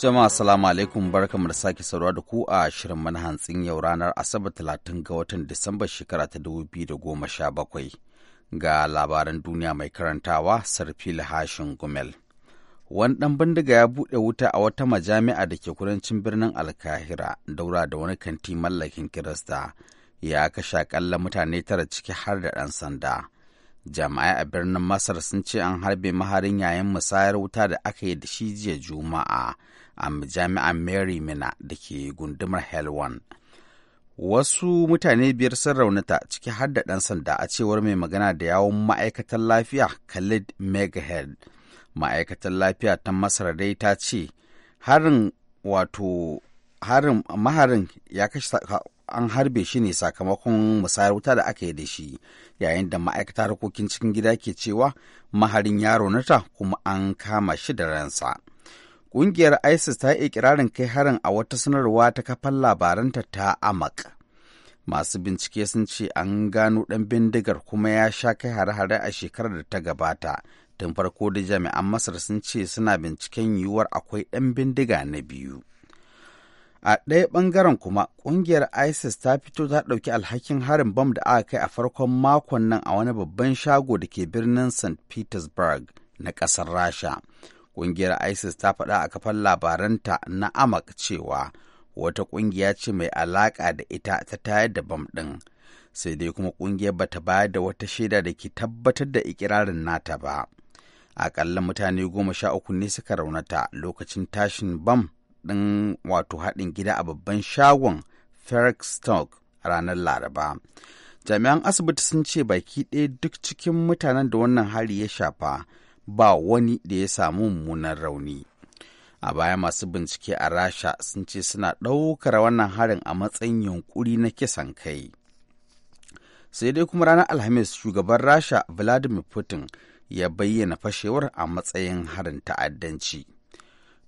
Jama'a salamu alaikum barkamu da sake saurara da ku a shirin manhantsin yau ranar Asabar 30 ga watan Disamba shekara ta 2017 ga labaran duniya mai karantawa Sarfil Hashin Gumel. Wani ɗan bindiga ya buɗe wuta a wata majami'a da ke kudancin birnin Alkahira daura da wani kanti mallakin Kirista ya kashe akalla mutane tara ciki har da ɗan sanda. Jami'ai a birnin Masar sun ce an harbe maharin yayin musayar wuta da aka yi da shi jiya Juma'a. a jami'an Mary Mina da ke gundumar Helwan. Wasu mutane biyar sun raunata ciki har da ɗan sanda a cewar mai magana da yawon ma'aikatan lafiya Khalid megahed Ma'aikatan lafiya ta Masar dai ta ce harin wato harin maharin ya kashe an harbe shi ne sakamakon musayar wuta da aka yi da shi yayin da ma'aikata harkokin cikin gida ke cewa maharin ya raunata kuma an kama shi da ransa Ƙungiyar ISIS ta yi ikirarin kai harin a wata sanarwa ta kafan labaranta ta Amak. Masu bincike sun ce an gano ɗan bindigar kuma ya sha kai hare-hare a shekarar da ta gabata. Tun farko da jami'an Masar sun ce suna binciken yiwuwar akwai ɗan bindiga na biyu. A ɗaya ɓangaren kuma, ƙungiyar ISIS ta fito ta ɗauki alhakin harin bam da aka kai a farkon makon nan a wani babban shago da ke birnin St. Petersburg na ƙasar Rasha, Ƙungiyar ISIS ta faɗa a kafar labaranta na Amak cewa wata ƙungiya ce mai alaƙa da ita ta tayar da bam ɗin. Sai dai kuma ƙungiyar ba ta bayar da wata shaida da ke tabbatar da ikirarin nata ba. Aƙalla mutane goma sha uku ne suka raunata lokacin tashin bam ɗin wato haɗin gida a babban shagon Ferrickstock ranar Laraba. Jami'an asibiti sun ce baki ɗaya duk cikin mutanen da wannan hari ya shafa ba wani da ya samu mummunan rauni a baya masu bincike a rasha sun ce suna ɗaukar wannan harin a matsayin yunkuri na kisan kai sai dai kuma ranar alhamis shugaban rasha vladimir putin ya bayyana fashewar a matsayin harin ta'addanci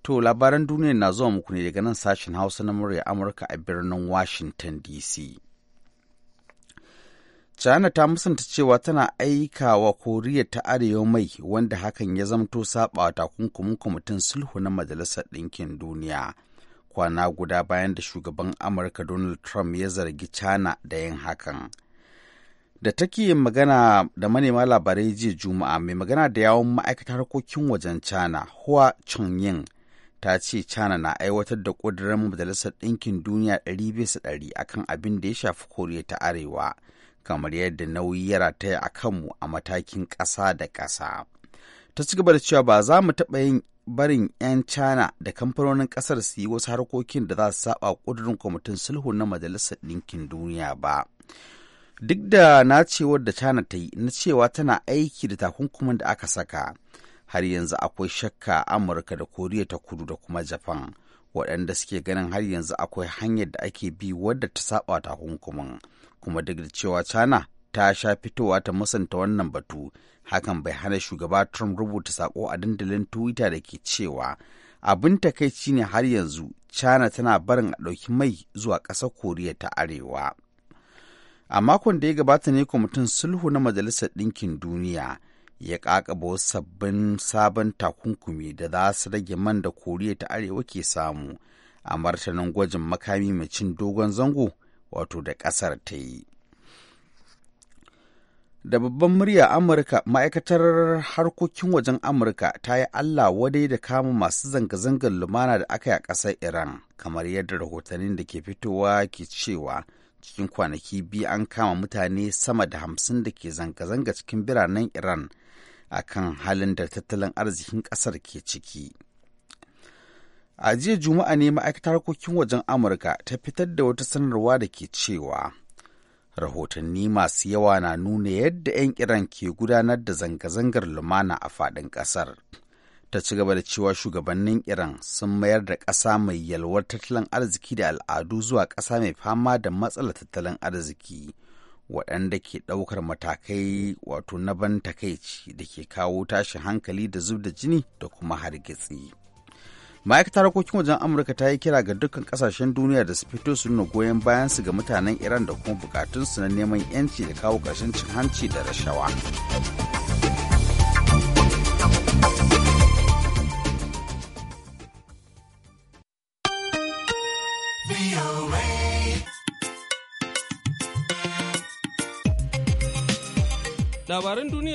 to labaran duniya na zuwa muku ne daga nan sashen hausa na murya amurka a birnin washington dc China ta musanta cewa tana aika wa Koriya ta Arewa mai wanda hakan ya zamto saba takunkumin kwamitin sulhu na Majalisar Ɗinkin Duniya. Kwana guda bayan da shugaban Amurka Donald Trump ya zargi China da yin hakan. Da take magana da manema labarai jiya Juma'a mai magana da yawon ma'aikatar harkokin wajen China, Hua Chunying, ta ce China na aiwatar da ƙudurin Majalisar Ɗinkin Duniya ɗari bisa ɗari akan abin da ya shafi Koriya ta Arewa. kamar yadda nauyi ya rataya a kanmu a matakin ƙasa da ƙasa. Ta ci gaba da cewa ba za mu taɓa yin barin 'yan China da kamfanonin ƙasar su yi wasu harkokin da za su saba ƙudurin kwamitin sulhu na Majalisar Ɗinkin Duniya ba. Duk da na cewar da China ta yi na cewa tana aiki da takunkumin da aka saka, har yanzu akwai shakka Amurka da Koriya ta kudu da kuma Japan. waɗanda suke ganin har yanzu akwai hanyar da ake bi wadda ta saba takunkumin kuma duk da cewa china ta sha fitowa ta musanta wannan batu hakan bai hana shugaba trump rubuta sako a dandalin twitter da ke cewa abin takaici ne har yanzu china tana barin a ɗauki mai zuwa ƙasar koriya ta arewa a makon da ya gabata ne kwamitin sulhu na majalisar ɗinkin duniya ya ƙaƙaba wasu sabbin sabon takunkumi da za su rage man da koriya ta arewa ke samu a martanin gwajin makami mai cin dogon zango wato da ƙasar ta yi da babban murya amurka ma'aikatar harkokin wajen amurka ta yi allah wadai da kama masu zanga-zangar lumana da aka yi a ƙasar iran kamar yadda rahotannin da ke fitowa ke cewa cikin kwanaki biyu an kama mutane sama da hamsin da ke zanga-zanga cikin biranen iran a kan halin da tattalin arzikin ƙasar ke ciki A jiya Juma'a ne ma'aikatar harkokin wajen Amurka ta fitar da wata sanarwa da ke cewa rahotanni masu yawa na nuna yadda 'yan kiran ke gudanar da zanga-zangar lumana a faɗin ƙasar. Ta ci gaba da cewa shugabannin Iran sun mayar da ƙasa mai yalwar tattalin arziki da al'adu zuwa ƙasa mai fama da matsalar tattalin arziki. waɗanda ke ɗaukar matakai wato na ban takaici da ke kawo tashin hankali da zub da jini da kuma hargitsi. ma'aikatar harkokin wajen amurka ta yi kira ga dukkan kasashen duniya da su fito su nuna goyon bayan su ga mutanen iran da kuma bukatun su na neman yanci da kawo ƙarshen cin hanci da rashawa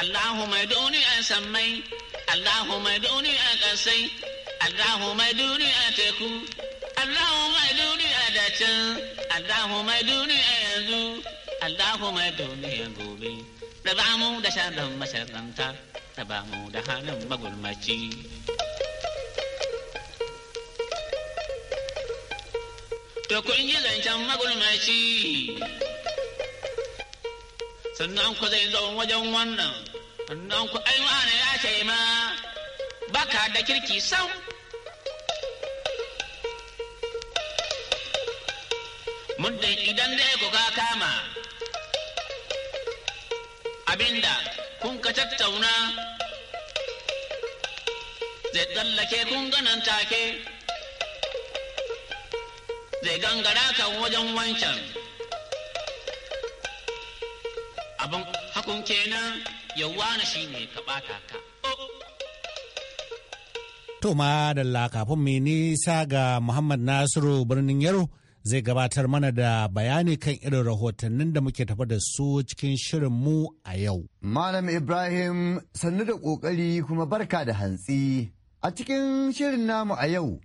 Allahu mai duniya sammai, Allahu mai duniya ƙasai, teku, Allahu mai duniya da can, yanzu, Allahu mai duniya gobe. Raba mu da sharrin To kun yi zancen magulmaci, sannan ku zai zo wajen wannan. Don ku ai ana ya ce ma baka da kirki sam. Muddin idan dai ku ka kama abinda kun ka tattauna zai tsallake kun ganan take zai gangara kan wajen wancan abin hakun kenan. yawwa na shi ne ka ɓata ka. To ma da kafin mai nisa ga Muhammad Nasiru birnin Yaro zai gabatar mana da bayani kan irin rahotannin da muke tafa da su cikin shirin mu a yau. Malam Ibrahim sannu da ƙoƙari kuma barka da hantsi. A cikin shirin namu a yau,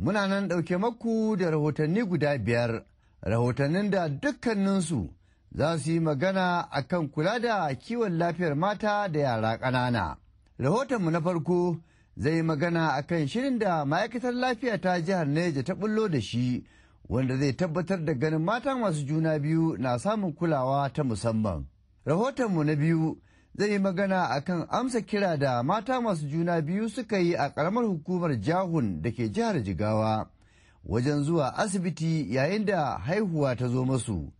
muna nan ɗauke maku da rahotanni guda biyar, rahotannin da dukkaninsu za su yi magana a kan kula da kiwon lafiyar mata da yara ƙanana. Rahotonmu na farko zai yi magana a kan shirin da ma'aikatar lafiya ta jihar Neja ta bullo da shi, wanda zai tabbatar da ganin mata masu juna biyu na samun kulawa ta musamman. Rahotonmu na biyu zai yi magana a kan amsa kira da mata masu juna biyu suka yi a ƙaramar hukumar Jahun da ke jihar Jigawa, wajen zuwa asibiti yayin da haihuwa ta zo masu.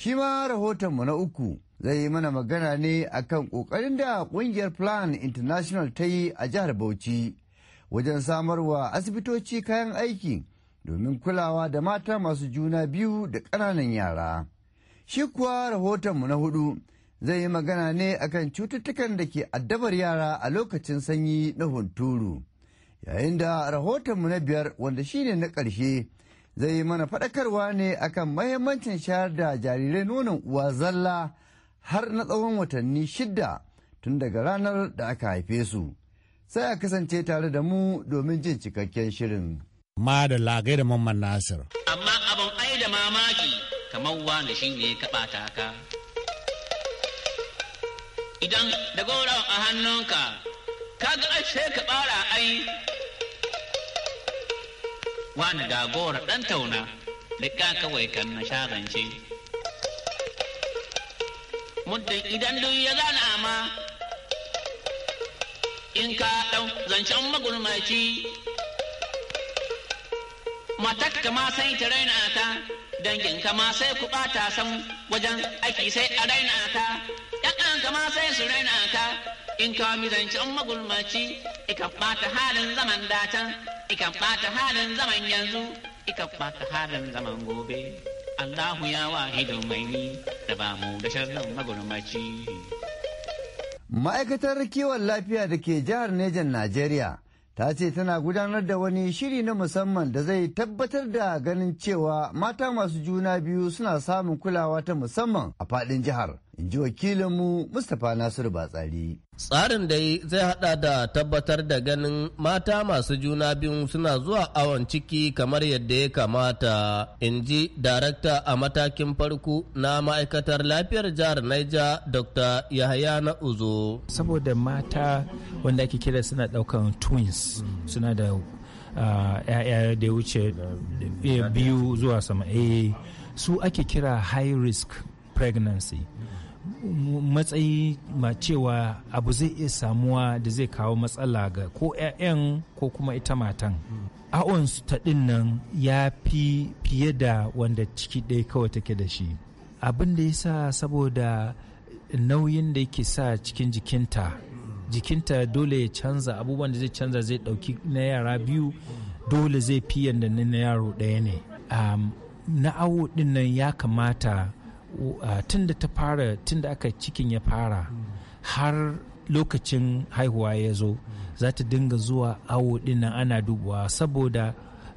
Shi ma rahotonmu na uku zai yi mana magana ne akan ƙoƙarin da ƙungiyar Plan International ta yi a jihar Bauchi wajen samarwa asibitoci kayan aiki domin kulawa da mata masu juna biyu da ƙananan yara. Shi kuwa rahotonmu na hudu zai yi magana ne akan cututtukan da ke addabar yara a lokacin sanyi na hunturu. Yayin da rahotonmu na biyar wanda shine na ƙarshe zai yi mana faɗakarwa ne akan mahimmancin shayar da jarirai nonon uwa zalla har na tsawon watanni shidda tun daga ranar da aka haife su. Sai a kasance tare da mu domin jin cikakken shirin. Ma da lagai da mamman Nasir. Amma abin ai da mamaki kamar wani shi ne kaɓa ka. Idan da gora a hannunka, ka ga ashe ka ɓara ai wani ga gora ɗan tauna riƙa kawai kan na shaganci. muddin idan duk ya gane ama, in ka ɗau zancen magulmaci matak ka ma sai ta raina ta dangin ka ma sai ku ɓata san wajen aiki sai a raina ta ƴan ka ma sai su raina ka in ka mizancin magulmaci ikan ɓata halin zaman datan ikan ɓata halin zaman yanzu ikan ɓata halin zaman gobe Allahu ya wahidu mai ni da ba mu da sharrin magulmaci. Ma'aikatar kiwon lafiya da ke jihar Nejan Najeriya ta ce tana gudanar da wani shiri na musamman da zai tabbatar da ganin cewa mata masu juna biyu suna samun kulawa ta musamman a faɗin jihar. in ji wakilinmu Mustapha Nasiru Batsari. Tsarin dai zai hada da tabbatar da ganin mata masu juna biyu suna zuwa awon ciki kamar yadda ya kamata, in ji darakta a matakin farko na ma'aikatar lafiyar jihar Naija Dr. Yahaya na Uzo. Saboda mata wanda ake kira suna daukan twins suna da ya'ya ah, da wuce eh, biyu zuwa sama eh, su ake kira high risk pregnancy. matsayi ma cewa abu zai iya samuwa da zai kawo matsala ga ko 'ya'yan ko kuma ita matan awon su ta nan ya fi fiye da wanda ciki ɗaya kawai take da shi abin da ya sa saboda nauyin da yake sa cikin jikinta jikinta dole ya canza abubuwan da zai canza zai ɗauki na yara biyu dole zai fi yadda na yaro ɗaya ne na awo ɗin nan ya kamata tun da ta fara tun da aka cikin ya fara mm. har lokacin haihuwa ya zo mm. za ta dinga zuwa awo dinnan ana dubuwa saboda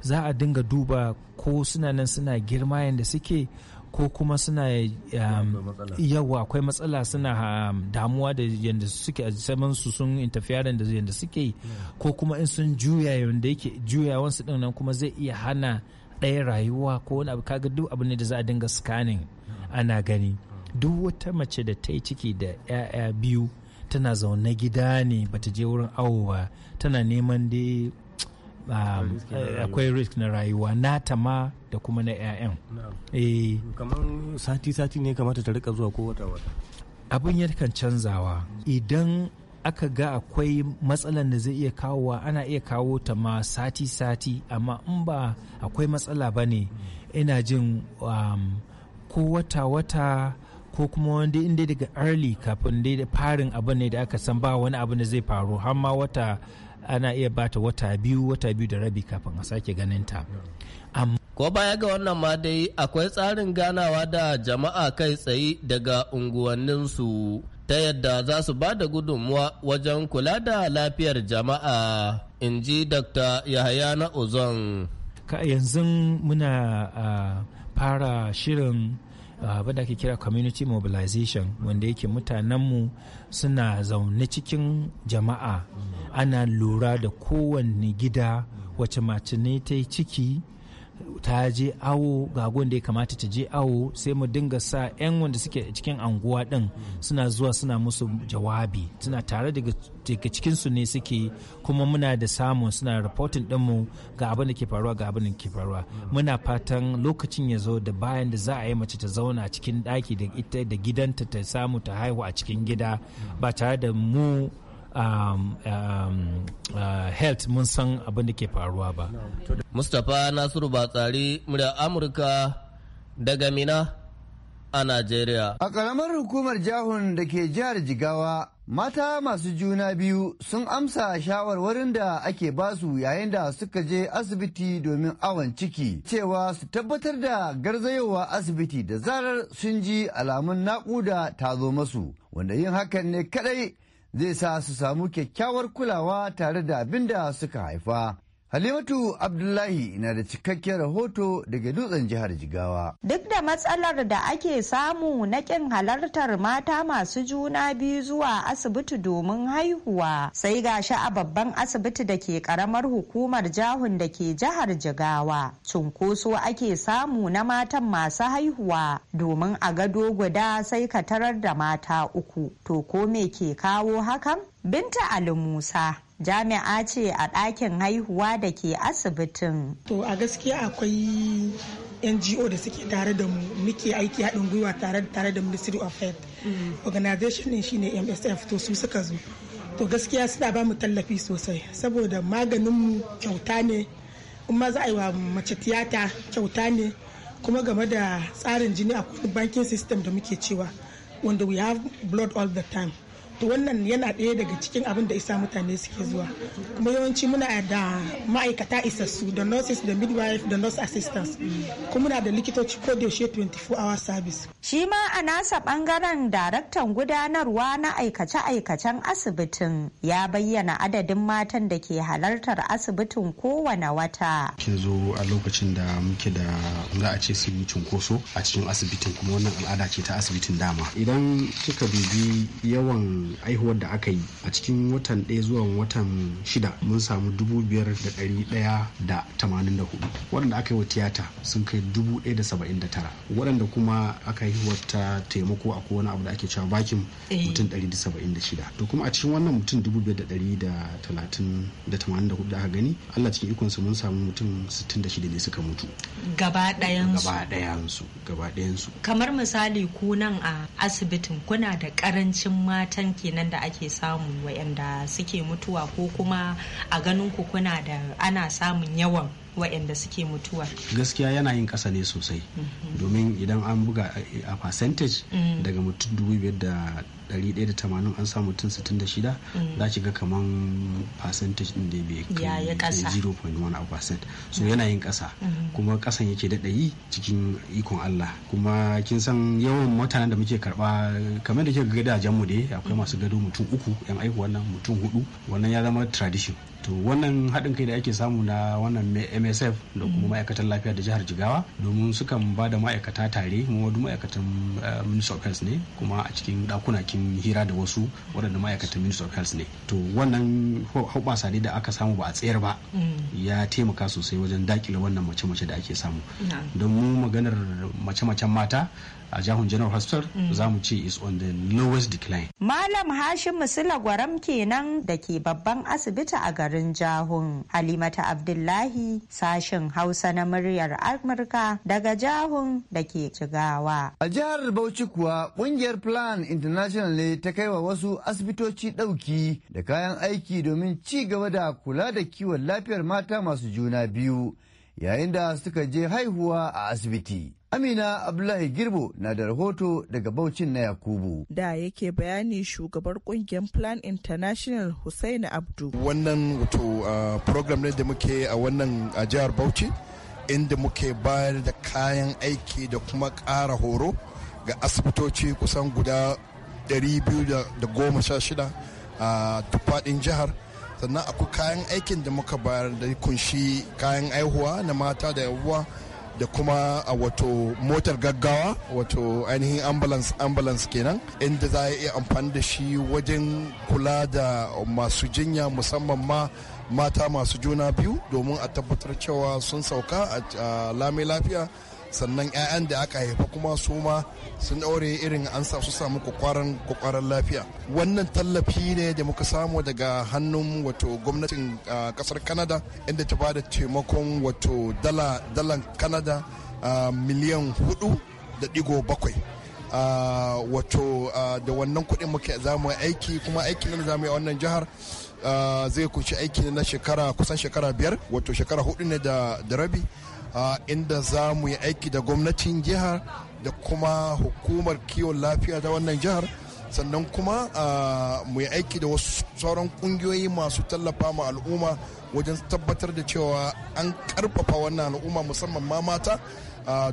za a dinga duba ko suna nan suna girma yadda suke ko kuma suna um, yawa akwai matsala suna um, damuwa da yadda suke saman su sun interfere da yadda suke mm. ko kuma in sun juya yadda yake juyawansu din nan kuma zai iya hana ɗaya rayuwa ko wani abu kaga duk abu ne da za a dinga scanning ana gani duk wata mace da ta yi ciki da 'ya'ya biyu tana zaune gida ne bata je wurin awo ba tana neman da um, eh, akwai risk na rayuwa nata ma da kuma na 'ya'yan eh. kamar sati-sati ne kamata ta rika zuwa ko wata abin yakan canzawa idan aka ga akwai matsalan da zai iya kawowa ana iya kawo ta ma sati-sati amma in ba akwai matsala ba ne ina jin um, ko wata-wata ko kuma wanda inda daga early kafin dai da farin abin ne da aka san ba wani abin da zai faru har ma wata ana iya bata wata biyu wata biyu da rabi kafin a sake ganin ta ko baya ga wannan ma dai akwai tsarin ganawa da jama'a kai tsaye daga unguwanninsu ta yadda za su ba da gudunmuwa wajen kula da lafiyar jama'a in ji dr yahaya na ozon yanzu muna ah, fara shirin uh, abin da ake kira community mobilization wanda yake mutanenmu suna zaune cikin jama'a ana lura da kowanne gida wace mace ne ta yi ciki ta je awo ga da ya kamata ta je awo sai mu dinga sa 'yan wanda suke cikin anguwa din suna zuwa suna musu jawabi suna tare daga cikinsu ne suke kuma muna da samun suna reporting dinmu ga abin da ke faruwa ga abin da ke faruwa muna fatan lokacin ya zo da bayan da za a yi mace ta zauna cikin daki da ita da gidanta ta samu ta haihu a cikin gida ba tare da mu Um, um, uh, health mun san abin da ke faruwa ba. Mustapha Nasiru Batsari murya Amurka daga Mina a Najeriya. A ƙaramar hukumar jahun da ke jihar Jigawa mata masu juna biyu sun amsa shawarwarin da ake basu yayin da suka je asibiti domin awon ciki cewa su tabbatar da garzayowa asibiti da zarar sun ji alamun naƙuda ta zo masu wanda yin hakan ne kadai zai sa su samu kyakkyawar kulawa tare da abin da suka haifa Halimatu Abdullahi na da cikakken rahoto daga dutsen jihar Jigawa. Duk da matsalar da ake samu na ƙin halartar mata masu juna biyu zuwa asibiti domin haihuwa, sai ga shi a babban asibiti da ke ƙaramar hukumar jahun da ke jihar Jigawa. Cunkoso ake samu na matan masu haihuwa domin a gado guda sai ka tarar da mata uku. To ko me ke kawo hakan? Binta Ali Musa jami'a ce a ɗakin haihuwa da ke asibitin. To a gaskiya akwai NGO da suke tare da mu muke aiki haɗin gwiwa tare tare da Ministry of Health. Mm. Organization ne shine MSF to su suka zo. To gaskiya suna ba mu tallafi sosai saboda maganinmu kyauta ne in ma za a yi wa mace tiyata kyauta ne kuma game da tsarin jini a bankin system da muke cewa wanda we have blood all the time. to wannan yana ɗaya daga cikin abin da isa mutane suke zuwa kuma yawanci muna da ma'aikata isassu da nurses da midwife da nurse assistants kuma muna da likitoci ko da yaushe 24 hour service shi ma a nasa bangaren daraktan gudanarwa na aikace-aikacen asibitin ya bayyana adadin matan da ke halartar asibitin kowane wata kin zo a lokacin da muke da za a ce sun yi cunkoso a cikin asibitin kuma wannan al'ada ce ta asibitin dama idan kika dubi yawan aihuwar da aka yi a cikin watan ɗaya zuwan watan shida mun samu dubu biyar da ɗari ɗaya da tamanin da hudu waɗanda aka yi wa tiyata sun kai dubu ɗaya da saba'in da tara waɗanda kuma aka yi ta taimako a wani abu da ake cewa bakin eh. mutum ɗari da saba'in da shida to kuma a cikin wannan mutum dubu biyar da ɗari da talatin da tamanin da hudu da aka gani allah cikin ikonsu mun samu mutum sittin da shida ne suka mutu gaba ɗayansu gaba ɗayansu kamar misali ku nan a asibitin kuna da ƙarancin matan kenan da ake samu wayanda suke mutuwa ko kuma a ganin ku kuna da ana samun yawan waɗanda suke mutuwa gaskiya yana yin ƙasa ne sosai mhm. domin idan an buga a percentage mm. daga mutum dubu biyar da tamanin an samu mutum 66 mm. za ki ga kamar percentage din da bai kai 0.1 a percent so mm. yana yin ƙasa. Mm-hmm. kuma kasan yake daɗa yi cikin ikon Allah kuma kin san yawan mutanen da muke karɓa kamar da ke ga da mu dai akwai masu gado mutum uku yan aiki wannan mutum hudu wannan ya zama tradition to wannan haɗin kai da ake samu na wannan msf da kuma ma'aikatan lafiya da jihar jigawa domin sukan ba da ma'aikata tare wadu ma'aikatan eh, minister of health ne kuma a cikin kin hira da wasu waɗanda ma'aikatan minister of health ne to wannan hoɓasa ne da aka samu ba a tsayar ba mm. ya taimaka sosai wajen dakile wannan mace-mace da ake samu don mu maganar mace-macen mata a jihun general hospital mm. za mu ce is on the lowest decline malam hashim musula gwaram kenan da ke babban asibiti a garin garin Jahun. Halimata Abdullahi sashen Hausa na muryar Amurka daga Jahun da ke cigawa A jihar Bauchi kuwa kungiyar Plan International ne ta kai wa wasu asibitoci dauki da kayan aiki domin ci gaba da kula da kiwon lafiyar mata masu juna biyu yayin da suka je haihuwa a asibiti. Amina Abdullahi Girbo na da rahoto daga Baucin na Yakubu. Da yake bayani shugabar kungiyar Plan International Hussaini Abdu. Wannan wato ah, program ne da muke a wannan a jihar Bauchi inda muke bayar da kayan aiki da kuma ƙara horo ga asibitoci kusan guda 216 a tufaɗin jihar. Sannan akwai kayan aikin da muka bayar da kunshi kayan aihuwa na mata da yawuwa. da kuma a wato motar gaggawa wato ainihin ambulance ambulance kenan inda za a iya amfani da shi wajen kula da masu jinya musamman ma mata masu juna biyu domin a tabbatar cewa sun sauka a lami lafiya sannan 'ya'yan da aka haifa kuma su ma sun ɗaure irin an sa su samu kwakwaran kwakwaran lafiya wannan tallafi ne da muka samu daga hannun wato gwamnatin kasar kanada inda ta bada taimakon wato dalan kanada miliyan hudu da digo bakwai wato da wannan kuɗin muke za mu aiki kuma aiki na za mu yi a wannan jihar zai kunshi aiki na shekara kusan shekara biyar wato shekara hudu ne da rabi inda za mu yi aiki da gwamnatin jihar da kuma hukumar kiwon lafiya ta wannan jihar sannan kuma mu yi aiki da wasu sauran kungiyoyi masu tallafa ma al'umma wajen tabbatar da cewa an karfafa wannan al'umma musamman ma mata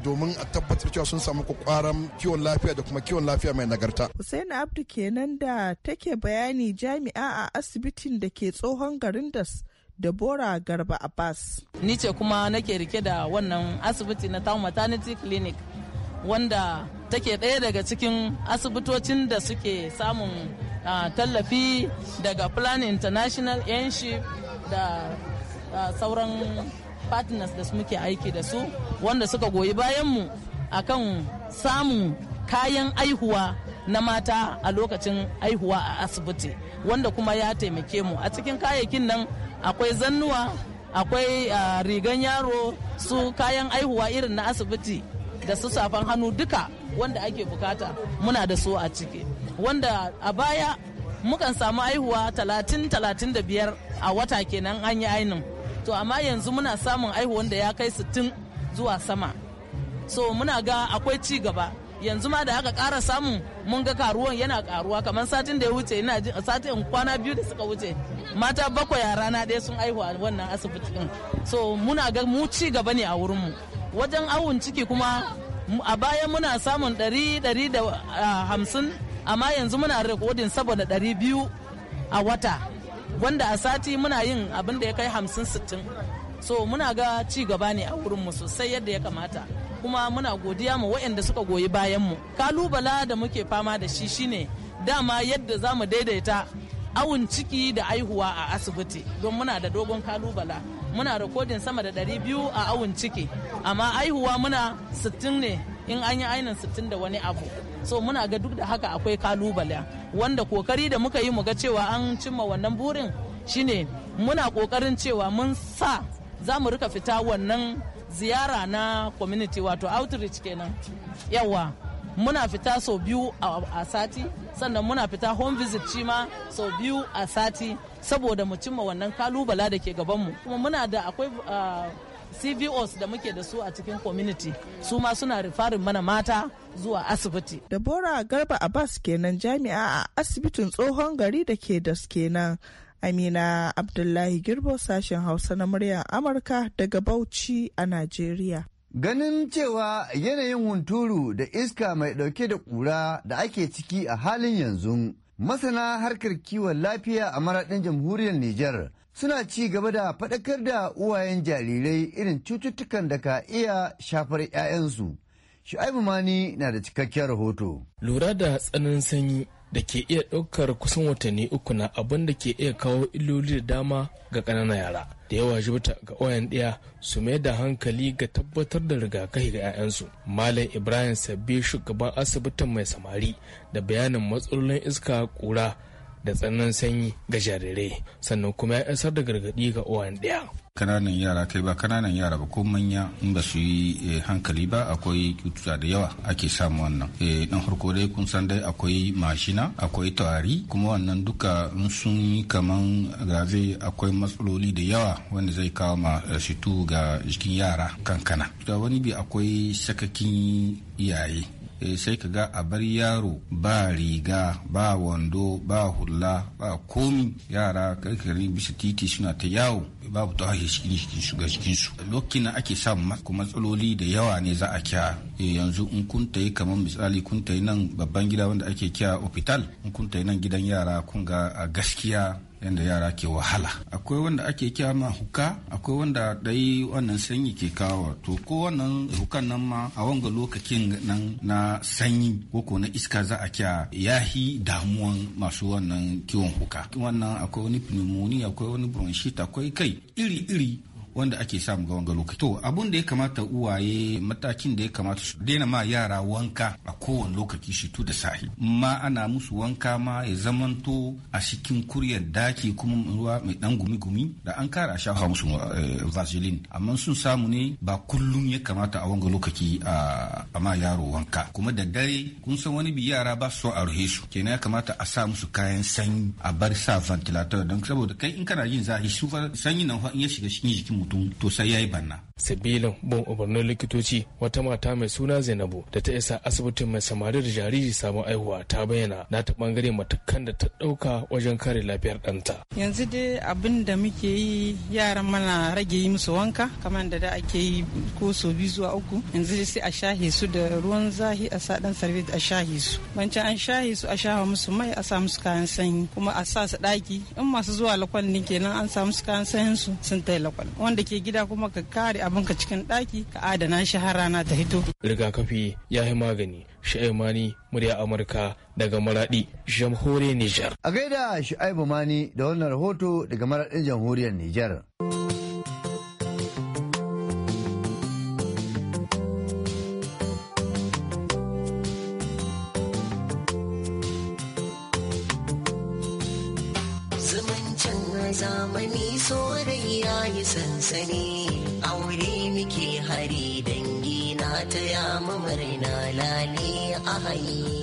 domin a tabbatar cewa sun samu kwakwaran kiwon lafiya da kuma kiwon lafiya mai nagarta. Husaina Abdu kenan da take bayani jami'a a asibitin da ke tsohon garin das Deborah Garba Abbas. Ni ce kuma nake rike da wannan asibiti na Town Maternity Clinic wanda take ɗaya daga cikin asibitocin da suke samun tallafi daga Plan International Airship da sauran partners da muke aiki da su wanda suka goyi bayanmu kan samun kayan aihuwa na mata a lokacin aihuwa a asibiti wanda kuma ya taimake mu a cikin kayayyakin nan akwai zannuwa akwai ah, rigan yaro su kayan aihuwa irin na asibiti da su safan hannu duka wanda ake bukata muna da su a ciki wanda a baya mukan samu aihuwa talatin talatin da biyar a wata kenan an yi ainihin to amma yanzu muna samun aihuwan da ya kai sittin zuwa sama so muna ga akwai ci gaba yanzu ma da aka ƙara samun mun ga karuwan yana karuwa kamar satin da ya wuce ina satin kwana biyu da suka wuce mata bakwai a rana ɗaya sun aihu a wannan asibitin so muna ga mu ci gaba ne a wurinmu wajen awun ciki kuma a baya muna samun ɗari ɗari da hamsin amma yanzu muna rikodin saboda ɗari biyu a wata wanda a sati muna yin abin da ya kai hamsin sittin so muna ga ci gaba ne a wurinmu sosai yadda ya kamata kuma muna godiya ma waɗanda suka goyi bayan mu kalubala da muke fama da shi shine dama yadda za mu daidaita awun ciki da aihuwa a asibiti don muna da dogon kalubala muna rikodin sama da 200 a awun ciki amma aihuwa muna 60 ne in an yi ainin sittin da wani abu so muna ga duk da haka akwai kalubala wanda kokari da muka yi mu ga cewa an cimma wannan burin shine muna kokarin cewa mun sa za mu rika fita wannan ziyara na community wato outreach kenan yawa muna fita sau biyu a sati sannan muna fita home visit shi ma sau biyu a sati saboda mu cimma wannan kalubala da ke gabanmu kuma muna da akwai ah, CVOs da muke da su a cikin community su ma suna rifarin mana mata zuwa asibiti. Dabora Garba Abbas kenan jami'a a asibitin tsohon gari da ke da kenan. Amina Abdullahi Girbo sashen Hausa na muryar Amurka daga Bauchi a Najeriya. Ganin cewa yanayin hunturu da iska mai ɗauke da ƙura da ake ciki a halin yanzu, masana harkar kiwon lafiya a maraɗin jamhuriyar Nijar suna ci gaba da faɗakar da uwayen jarirai irin cututtukan da ka iya shafar 'ya'yansu. Shu'aibu Mani na da cikakkiyar rahoto. Lura da tsananin sanyi da ke iya ɗaukar kusan watanni uku na abin da ke iya kawo iloli da dama ga ƙananan yara da yawa jibta ga oyan ɗaya su mai da hankali ga tabbatar da rigakafi ga 'ya'yansu malam ibrahim sabbi shugaban asibitin mai samari da bayanin matsalolin iska kura da tsananin sanyi ga jarirai sannan kuma ya isar da gargaɗi ga oyan ɗaya kananan yara kai ba kananan yara ba ko manya in ba su yi eh, hankali ba akwai cututtuka da yawa ake samu wannan dan eh, harko dai kun san dai akwai mashina akwai tawari kuma wannan duka in sun yi kaman zai akwai matsaloli da yawa wanda zai kawo ma rashitu ga jikin yara kankana da wani bi akwai sakakin iyaye Eh, sai ka ga a bar yaro ba riga ba wando ba hula ba komi yara karkari bisa titi suna ta yawo babu ta hashe cikin cikin shiga cikin su lokacin da ake sa kuma matsaloli da yawa ne za a kya eh, yanzu in kun ta yi kamar misali kun ta yi nan babban gida wanda ake kya hospital in kun ta yi nan gidan yara kun ga gaskiya yadda yara ke wahala akwai wanda ake kira huka akwai wanda dai wannan sanyi ke kawo to ko wannan hukan nan ma a wanga lokacin nan na sanyi ko ko na iska za a kira yahi damuwan masu wannan kiwon huka wannan akwai wani pneumonia akwai wani bronchitis akwai kai iri iri wanda ake samu ga wanga lokaci to abun da ya kamata uwaye matakin da ya kamata su daina ma yara wanka a kowane lokaci shi tu da sahi ma ana musu wanka ma ya zamanto a cikin kuryar daki kuma ruwa mai dan gumi-gumi da an kara shafa musu eh, vaseline amma sun samu ne ba kullum ya kamata a wanga lokaci a ma yaro wanka kuma da dare kun san wani bi yara ba su a ruhe su kenan ya kamata a sa musu kayan sanyi a bar sa ventilator don saboda kai in kana yin zahi su sanyi nan in ya shiga cikin jikin mutum to sai yayi banna. sabilin bon umarnin likitoci wata mata mai suna zainabu da ta isa asibitin mai samari da jariri sabon aihuwa ta bayyana na ta bangare matakan da ta dauka wajen kare lafiyar ɗanta. yanzu dai abin da muke yi yaran mana rage yi musu wanka kamar da da ake yi ko so biyu zuwa uku yanzu dai sai a shahe su da ruwan zahi a sa dan sarbi a shahe su bancan an shahe su a shawa musu mai a sa musu kayan sanyi kuma a sa su daki in masu zuwa lakwal ne kenan an sa musu kayan sanyin su sun tai lakwal wanda ke gida kuma ka kare abinka cikin daki ka adana shi har rana ta hito. rigakafi ya yi magani sha'ibu mani murya amurka daga maradi jamhuriyar nijar. a gaida sha'ibu mani da wannan rahoto daga maradin jamhuriyar nijar. sansani aure muke hari dangi na taya yamma na lali a hayi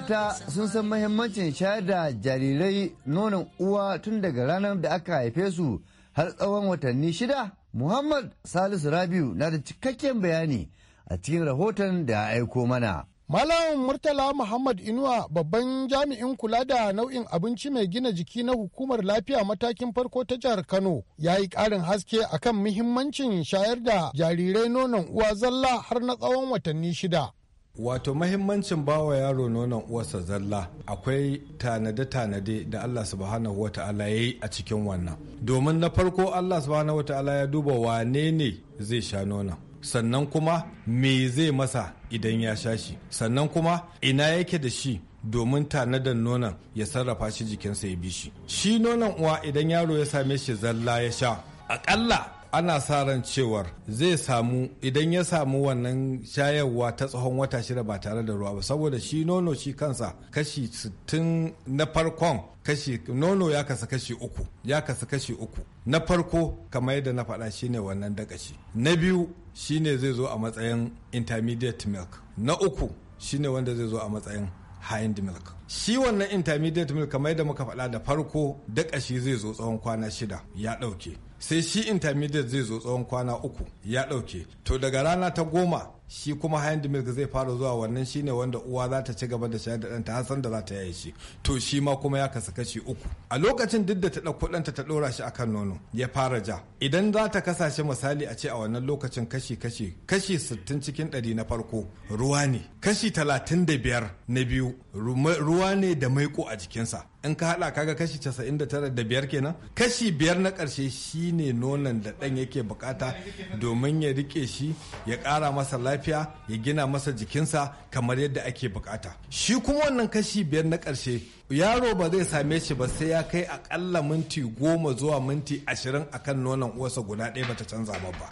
mata sun san mahimmancin shayar da jarirai nonon uwa tun daga ranar da aka haife su har tsawon watanni shida? Muhammad Salisu Rabiu na da cikakken bayani a cikin rahoton da ya aiko mana. Malam Murtala Muhammad Inuwa babban jami'in kula da nau'in abinci mai gina jiki na hukumar lafiya matakin farko ta jihar Kano ya yi ƙarin haske akan muhimmancin shayar da jarirai nonon uwa zalla har na tsawon watanni shida. wato mahimmancin bawa yaro nonon uwarsa zalla akwai tanade-tanade da allah subhanahu ta'ala ya yi a cikin wannan domin na farko allah subhanahu ta'ala ya duba wane ne zai sha nonon sannan kuma me zai masa idan ya sha shi sannan kuma ina yake da shi domin tanadar nonon ya sarrafa shi jikinsa ya bi shi shi nonon uwa idan yaro ya same shi zalla ya sha aƙalla ana sa ran cewar zai samu idan ya samu wannan shayarwa ta tsawon wata shida ba tare da ruwa ba saboda shi nono shi kansa kashi 60 na farkon kashi nono ya kasa kashi uku ya kasa kashi uku na farko kamar yadda na faɗa shine wannan dakashi na biyu shine zai zo a matsayin intermediate milk na uku shine wanda zai zo a matsayin high-end milk shi wannan intermediate milk kamar yadda muka faɗa da farko dakashi zai zo tsawon kwana shida ya ɗauke sai shi intermediate zai zo tsawon kwana uku ya ɗauke to daga rana ta goma shi kuma hand milk zai fara zuwa wannan shine wanda uwa za ta ci gaba da shayar da ɗanta har san da za ta yaye shi to shi ma kuma ya kasa kashi uku a lokacin duk da ta ɗauko ɗanta ta ɗora shi akan nono ya fara ja idan za ta kasa shi misali a ce a wannan lokacin kashi kashi kashi sittin cikin ɗari na farko ruwa ne kashi talatin da biyar na biyu ruwa ne da maiko a jikinsa in ka haɗa kaga kashi casa'in da biyar kenan kashi biyar na karshe shine nonon da ɗan yake bukata domin ya rike shi ya ƙara masa lafiya lafiya ya gina masa jikinsa kamar yadda ake bukata shi kuma wannan kashi biyar na ƙarshe yaro ba zai same shi ba sai ya kai akalla minti goma zuwa minti ashirin akan nonon uwarsa guda ɗaya bata canza ba ba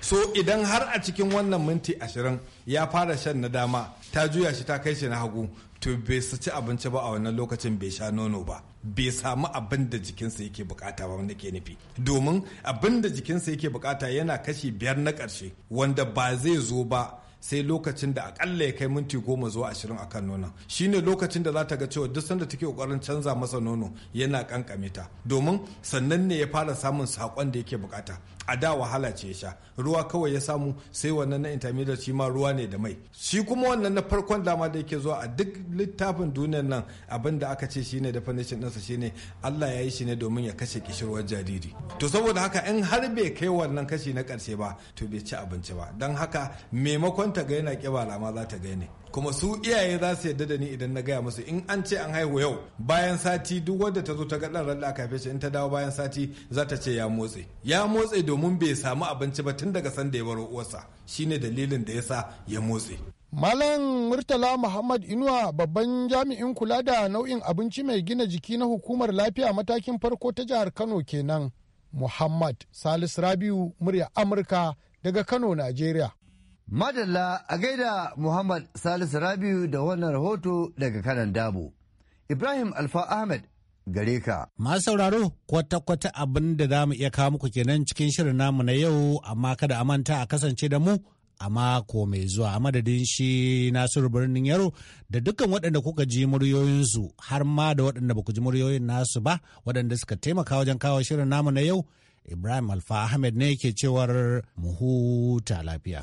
so idan har a cikin wannan minti ashirin ya fara shan na dama ta juya shi ta kai shi na hagu to bai ci abinci ba a wannan lokacin bai sha nono ba bai samu abin da jikinsa yake bukata ba wanda ke nufi domin abin da jikinsa yake bukata yana kashi biyar na ƙarshe wanda ba zai zo ba sai lokacin da akalla ya kai minti goma zuwa ashirin a akan nonon ne lokacin da za ta ga cewa duk sanda take kokarin canza masa nono yana kankame ta domin sannan ne ya fara samun sakon da yake bukata a da wahala ce ya sha ruwa kawai ya samu sai wannan na intermediate shi ma ruwa ne da mai shi kuma wannan na farkon dama da yake zuwa a duk littafin duniyar nan abin da aka ce shine definition ɗinsa shine Allah ya yi shi ne domin ya kashe kishirwar jariri to saboda haka in har bai kai wannan kashi na ƙarshe ba to bai ci abinci ba don haka maimakon ta ga yana ƙiba lama za ta gaine kuma su iyaye za su yadda da ni idan na gaya musu in an ce an haihu yau bayan sati duk wadda ta zo ta ga ɗan da aka shi in ta dawo bayan sati za ta ce ya motse ya motse domin bai samu abinci ba tun daga sanda ya baro uwarsa shine dalilin da yasa ya motse Malam Murtala Muhammad Inuwa babban jami'in kula da nau'in abinci mai gina jiki na hukumar lafiya matakin farko ta jihar Kano kenan. Muhammad Salisu Rabiu murya Amurka daga Kano, Najeriya. Madalla a gaida Muhammad Salisu Rabiu da wannan rahoto daga kanan dabo. Ibrahim Alfa Ahmed gare ka. Masu sauraro kwata-kwata abin da za mu iya kawo muku kenan cikin shirin namu na yau amma kada a manta a kasance da mu a mako mai zuwa a madadin shi Nasiru birnin Yaro da dukkan waɗanda kuka ji muryoyinsu har ma da waɗanda ba ku ji muryoyin nasu ba waɗanda suka taimaka wajen kawo shirin namu na yau. Ibrahim Alfa Ahmed ne ke cewar mu huta lafiya.